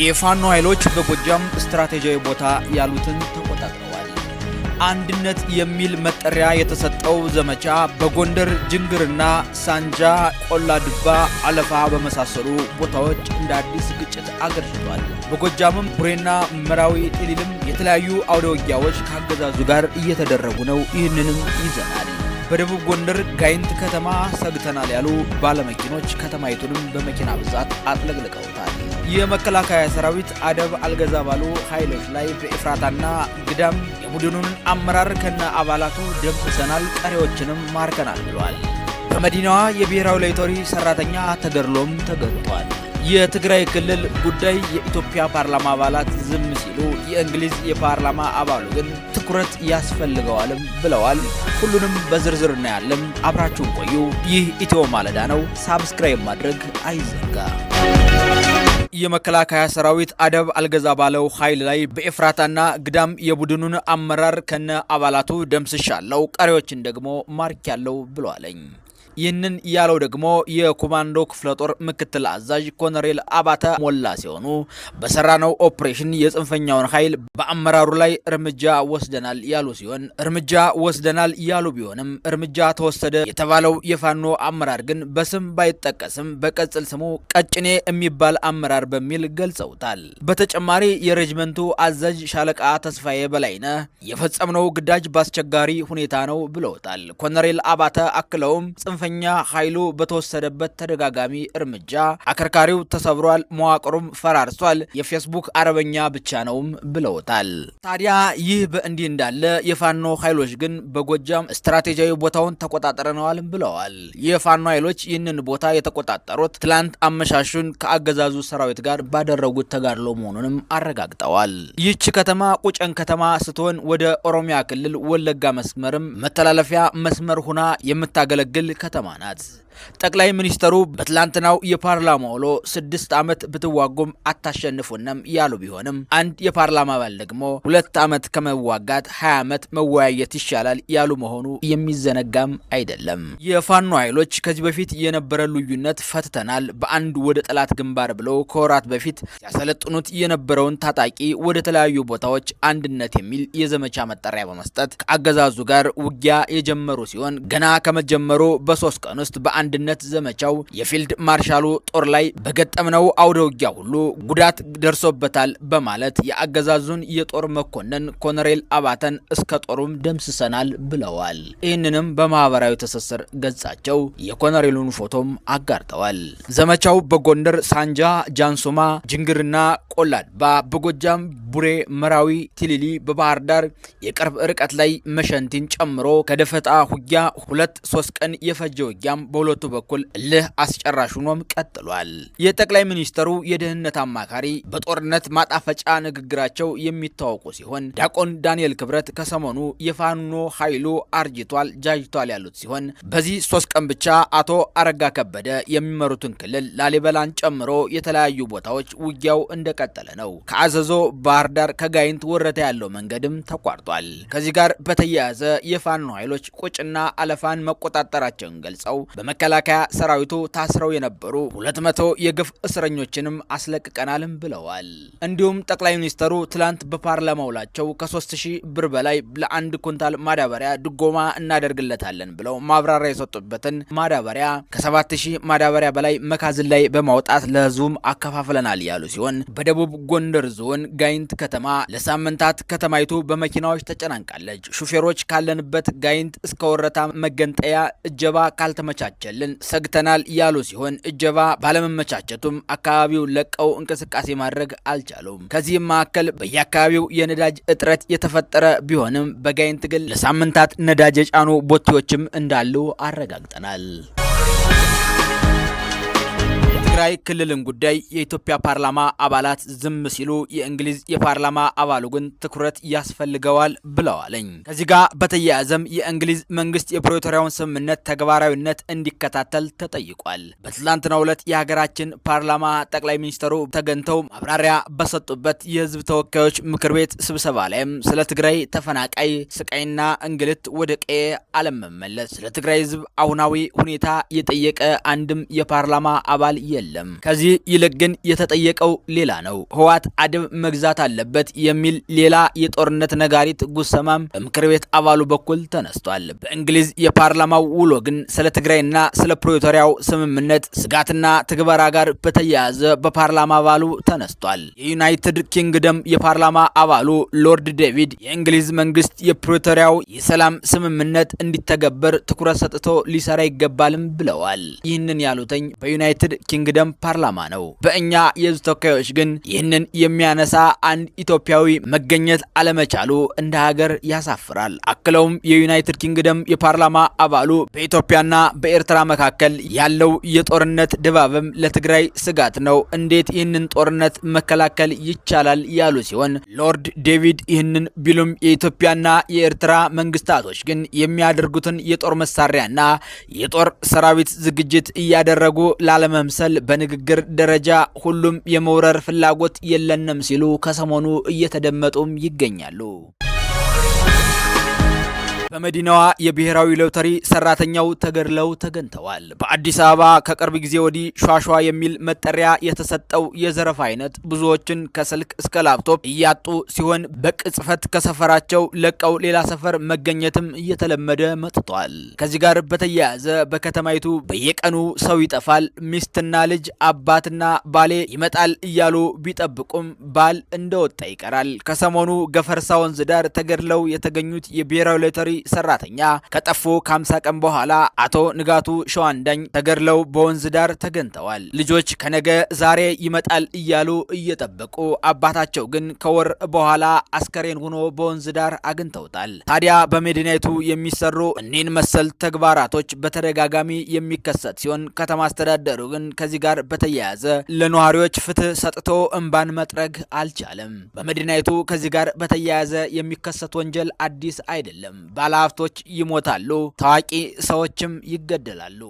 የፋኖ ኃይሎች በጎጃም ስትራቴጂያዊ ቦታ ያሉትን ተቆጣጥረዋል። አንድነት የሚል መጠሪያ የተሰጠው ዘመቻ በጎንደር ጅንግርና፣ ሳንጃ፣ ቆላ ድባ አለፋ በመሳሰሉ ቦታዎች እንደ አዲስ ግጭት አገርሽቷል። በጎጃምም ቡሬና መራዊ ጤሊልም የተለያዩ አውደ ውጊያዎች ከአገዛዙ ጋር እየተደረጉ ነው። ይህንንም ይዘናል። በደቡብ ጎንደር ጋይንት ከተማ ሰግተናል ያሉ ባለመኪኖች ከተማይቱንም በመኪና ብዛት አጥለቅልቀውታል። የመከላከያ ሰራዊት አደብ አልገዛ ባሉ ኃይሎች ላይ በኤፍራታና ግዳም የቡድኑን አመራር ከነ አባላቱ ደምስሰናል፣ ቀሪዎችንም ማርከናል ብሏል። በመዲናዋ የብሔራዊ ሎተሪ ሰራተኛ ተገድሎም ተገልጧል። የትግራይ ክልል ጉዳይ የኢትዮጵያ ፓርላማ አባላት ዝም ሲሉ፣ የእንግሊዝ የፓርላማ አባሉ ግን ትኩረት ያስፈልገዋልም ብለዋል። ሁሉንም በዝርዝር እናያለን። አብራችሁን ቆዩ። ይህ ኢትዮ ማለዳ ነው። ሳብስክራይብ ማድረግ አይዘጋ። የመከላከያ ሰራዊት አደብ አልገዛ ባለው ኃይል ላይ በኤፍራታና ግዳም የቡድኑን አመራር ከነ አባላቱ ደምስሻለው፣ ቀሪዎችን ደግሞ ማርክ ያለው ብሏለኝ። ይህንን ያለው ደግሞ የኮማንዶ ክፍለ ጦር ምክትል አዛዥ ኮነሬል አባተ ሞላ ሲሆኑ በሰራነው ኦፕሬሽን የጽንፈኛውን ኃይል በአመራሩ ላይ እርምጃ ወስደናል ያሉ ሲሆን እርምጃ ወስደናል ያሉ ቢሆንም እርምጃ ተወሰደ የተባለው የፋኖ አመራር ግን በስም ባይጠቀስም በቀጽል ስሙ ቀጭኔ የሚባል አመራር በሚል ገልጸውታል። በተጨማሪ የሬጅመንቱ አዛዥ ሻለቃ ተስፋዬ በላይነ የፈጸምነው ግዳጅ በአስቸጋሪ ሁኔታ ነው ብለውታል። ኮነሬል አባተ አክለውም ጽንፈኛ ኃይሉ በተወሰደበት ተደጋጋሚ እርምጃ አከርካሪው ተሰብሯል፣ መዋቅሩም ፈራርሷል፣ የፌስቡክ አረበኛ ብቻ ነውም ብለውታል። ታዲያ ይህ በእንዲህ እንዳለ የፋኖ ኃይሎች ግን በጎጃም ስትራቴጂያዊ ቦታውን ተቆጣጠረነዋል ብለዋል። የፋኖ ኃይሎች ይህንን ቦታ የተቆጣጠሩት ትላንት አመሻሹን ከአገዛዙ ሰራዊት ጋር ባደረጉት ተጋድሎ መሆኑንም አረጋግጠዋል። ይህች ከተማ ቁጨን ከተማ ስትሆን ወደ ኦሮሚያ ክልል ወለጋ መስመርም መተላለፊያ መስመር ሁና የምታገለግል ከተማ ናት። ጠቅላይ ሚኒስተሩ በትላንትናው የፓርላማ ውሎ ስድስት ዓመት ብትዋጉም አታሸንፉንም ያሉ ቢሆንም አንድ የፓርላማ አባል ደግሞ ሁለት ዓመት ከመዋጋት ሀያ ዓመት መወያየት ይሻላል ያሉ መሆኑ የሚዘነጋም አይደለም። የፋኖ ኃይሎች ከዚህ በፊት የነበረ ልዩነት ፈትተናል፣ በአንድ ወደ ጠላት ግንባር ብለው ከወራት በፊት ያሰለጥኑት የነበረውን ታጣቂ ወደ ተለያዩ ቦታዎች አንድነት የሚል የዘመቻ መጠሪያ በመስጠት ከአገዛዙ ጋር ውጊያ የጀመሩ ሲሆን ገና ከመጀመሩ በሶስት ቀን ውስጥ በአ አንድነት ዘመቻው የፊልድ ማርሻሉ ጦር ላይ በገጠምነው አውደ ውጊያ ሁሉ ጉዳት ደርሶበታል በማለት የአገዛዙን የጦር መኮንን ኮሎኔል አባተን እስከ ጦሩም ደምስሰናል ብለዋል። ይህንንም በማህበራዊ ትስስር ገጻቸው የኮሎኔሉን ፎቶም አጋርተዋል። ዘመቻው በጎንደር ሳንጃ፣ ጃንሱማ፣ ጅንግርና ቆላድባ፣ በጎጃም ቡሬ፣ መራዊ፣ ቲሊሊ፣ በባህር ዳር የቅርብ ርቀት ላይ መሸንቲን ጨምሮ ከደፈጣ ውጊያ ሁለት ሶስት ቀን የፈጀ ውጊያም በሁለ በሁለቱ በኩል እልህ አስጨራሽ ሆኖም ቀጥሏል። የጠቅላይ ሚኒስተሩ የደህንነት አማካሪ በጦርነት ማጣፈጫ ንግግራቸው የሚታወቁ ሲሆን ዲያቆን ዳንኤል ክብረት ከሰሞኑ የፋኖ ኃይሉ አርጅቷል፣ ጃጅቷል ያሉት ሲሆን በዚህ ሶስት ቀን ብቻ አቶ አረጋ ከበደ የሚመሩትን ክልል ላሊበላን ጨምሮ የተለያዩ ቦታዎች ውጊያው እንደቀጠለ ነው። ከአዘዞ ባህር ዳር ከጋይንት ወረታ ያለው መንገድም ተቋርጧል። ከዚህ ጋር በተያያዘ የፋኖ ኃይሎች ቁጭና አለፋን መቆጣጠራቸውን ገልጸው መከላከያ ሰራዊቱ ታስረው የነበሩ 200 የግፍ እስረኞችንም አስለቅቀናልም ብለዋል። እንዲሁም ጠቅላይ ሚኒስተሩ ትላንት በፓርላማ ውላቸው ከ3000 ብር በላይ ለአንድ ኩንታል ማዳበሪያ ድጎማ እናደርግለታለን ብለው ማብራሪያ የሰጡበትን ማዳበሪያ ከ7000 ማዳበሪያ በላይ መካዝን ላይ በማውጣት ለህዝቡም አከፋፍለናል ያሉ ሲሆን በደቡብ ጎንደር ዞን ጋይንት ከተማ ለሳምንታት ከተማይቱ በመኪናዎች ተጨናንቃለች። ሹፌሮች ካለንበት ጋይንት እስከ ወረታ መገንጠያ እጀባ ካልተመቻቸ እንዳይደርስልን ሰግተናል ያሉ ሲሆን እጀባ ባለመመቻቸቱም አካባቢውን ለቀው እንቅስቃሴ ማድረግ አልቻሉም። ከዚህም መካከል በየአካባቢው የነዳጅ እጥረት የተፈጠረ ቢሆንም በጋይንት ግን ለሳምንታት ነዳጅ የጫኑ ቦቴዎችም እንዳሉ አረጋግጠናል። የትግራይ ክልልን ጉዳይ የኢትዮጵያ ፓርላማ አባላት ዝም ሲሉ የእንግሊዝ የፓርላማ አባሉ ግን ትኩረት ያስፈልገዋል ብለዋለኝ። ከዚህ ጋር በተያያዘም የእንግሊዝ መንግስት የፕሪቶሪያውን ስምምነት ተግባራዊነት እንዲከታተል ተጠይቋል። በትላንትናው ዕለት የሀገራችን ፓርላማ ጠቅላይ ሚኒስትሩ ተገኝተው ማብራሪያ በሰጡበት የህዝብ ተወካዮች ምክር ቤት ስብሰባ ላይም ስለ ትግራይ ተፈናቃይ ስቃይና እንግልት ወደ ቀዬ አለመመለስ፣ ስለ ትግራይ ህዝብ አሁናዊ ሁኔታ የጠየቀ አንድም የፓርላማ አባል የለ የለም። ከዚህ ይልቅ ግን የተጠየቀው ሌላ ነው። ህወሓት አደብ መግዛት አለበት የሚል ሌላ የጦርነት ነጋሪት ጉሰማም በምክር ቤት አባሉ በኩል ተነስቷል። በእንግሊዝ የፓርላማው ውሎ ግን ስለ ትግራይና ስለ ፕሪቶሪያው ስምምነት ስጋትና ትግበራ ጋር በተያያዘ በፓርላማ አባሉ ተነስቷል። የዩናይትድ ኪንግደም የፓርላማ አባሉ ሎርድ ዴቪድ የእንግሊዝ መንግስት የፕሪቶሪያው የሰላም ስምምነት እንዲተገበር ትኩረት ሰጥቶ ሊሰራ ይገባልም ብለዋል። ይህንን ያሉትኝ በዩናይትድ ኪንግ ግደም ፓርላማ ነው። በእኛ የህዝብ ተወካዮች ግን ይህንን የሚያነሳ አንድ ኢትዮጵያዊ መገኘት አለመቻሉ እንደ ሀገር ያሳፍራል። አክለውም የዩናይትድ ኪንግደም የፓርላማ አባሉ በኢትዮጵያና በኤርትራ መካከል ያለው የጦርነት ድባብም ለትግራይ ስጋት ነው፣ እንዴት ይህንን ጦርነት መከላከል ይቻላል ያሉ ሲሆን ሎርድ ዴቪድ ይህንን ቢሉም የኢትዮጵያና የኤርትራ መንግስታቶች ግን የሚያደርጉትን የጦር መሳሪያና የጦር ሰራዊት ዝግጅት እያደረጉ ላለመምሰል በንግግር ደረጃ ሁሉም የመውረር ፍላጎት የለንም ሲሉ ከሰሞኑ እየተደመጡም ይገኛሉ። በመዲናዋ የብሔራዊ ሎተሪ ሰራተኛው ተገድለው ተገኝተዋል። በአዲስ አበባ ከቅርብ ጊዜ ወዲህ ሿሿ የሚል መጠሪያ የተሰጠው የዘረፋ አይነት ብዙዎችን ከስልክ እስከ ላፕቶፕ እያጡ ሲሆን በቅጽፈት ከሰፈራቸው ለቀው ሌላ ሰፈር መገኘትም እየተለመደ መጥቷል። ከዚህ ጋር በተያያዘ በከተማይቱ በየቀኑ ሰው ይጠፋል። ሚስትና ልጅ አባትና ባሌ ይመጣል እያሉ ቢጠብቁም ባል እንደወጣ ይቀራል። ከሰሞኑ ገፈርሳ ወንዝ ዳር ተገድለው የተገኙት የብሔራዊ ሎተሪ ሰራተኛ ከጠፉ ከ50 ቀን በኋላ አቶ ንጋቱ ሸዋንዳኝ ተገድለው በወንዝ ዳር ተገኝተዋል። ልጆች ከነገ ዛሬ ይመጣል እያሉ እየጠበቁ አባታቸው ግን ከወር በኋላ አስከሬን ሆኖ በወንዝ ዳር አግኝተውታል። ታዲያ በመዲናይቱ የሚሰሩ እኒህን መሰል ተግባራቶች በተደጋጋሚ የሚከሰት ሲሆን ከተማ አስተዳደሩ ግን ከዚህ ጋር በተያያዘ ለነዋሪዎች ፍትህ ሰጥቶ እንባን መጥረግ አልቻለም። በመዲናይቱ ከዚህ ጋር በተያያዘ የሚከሰት ወንጀል አዲስ አይደለም። ባለሀብቶች ይሞታሉ፣ ታዋቂ ሰዎችም ይገደላሉ።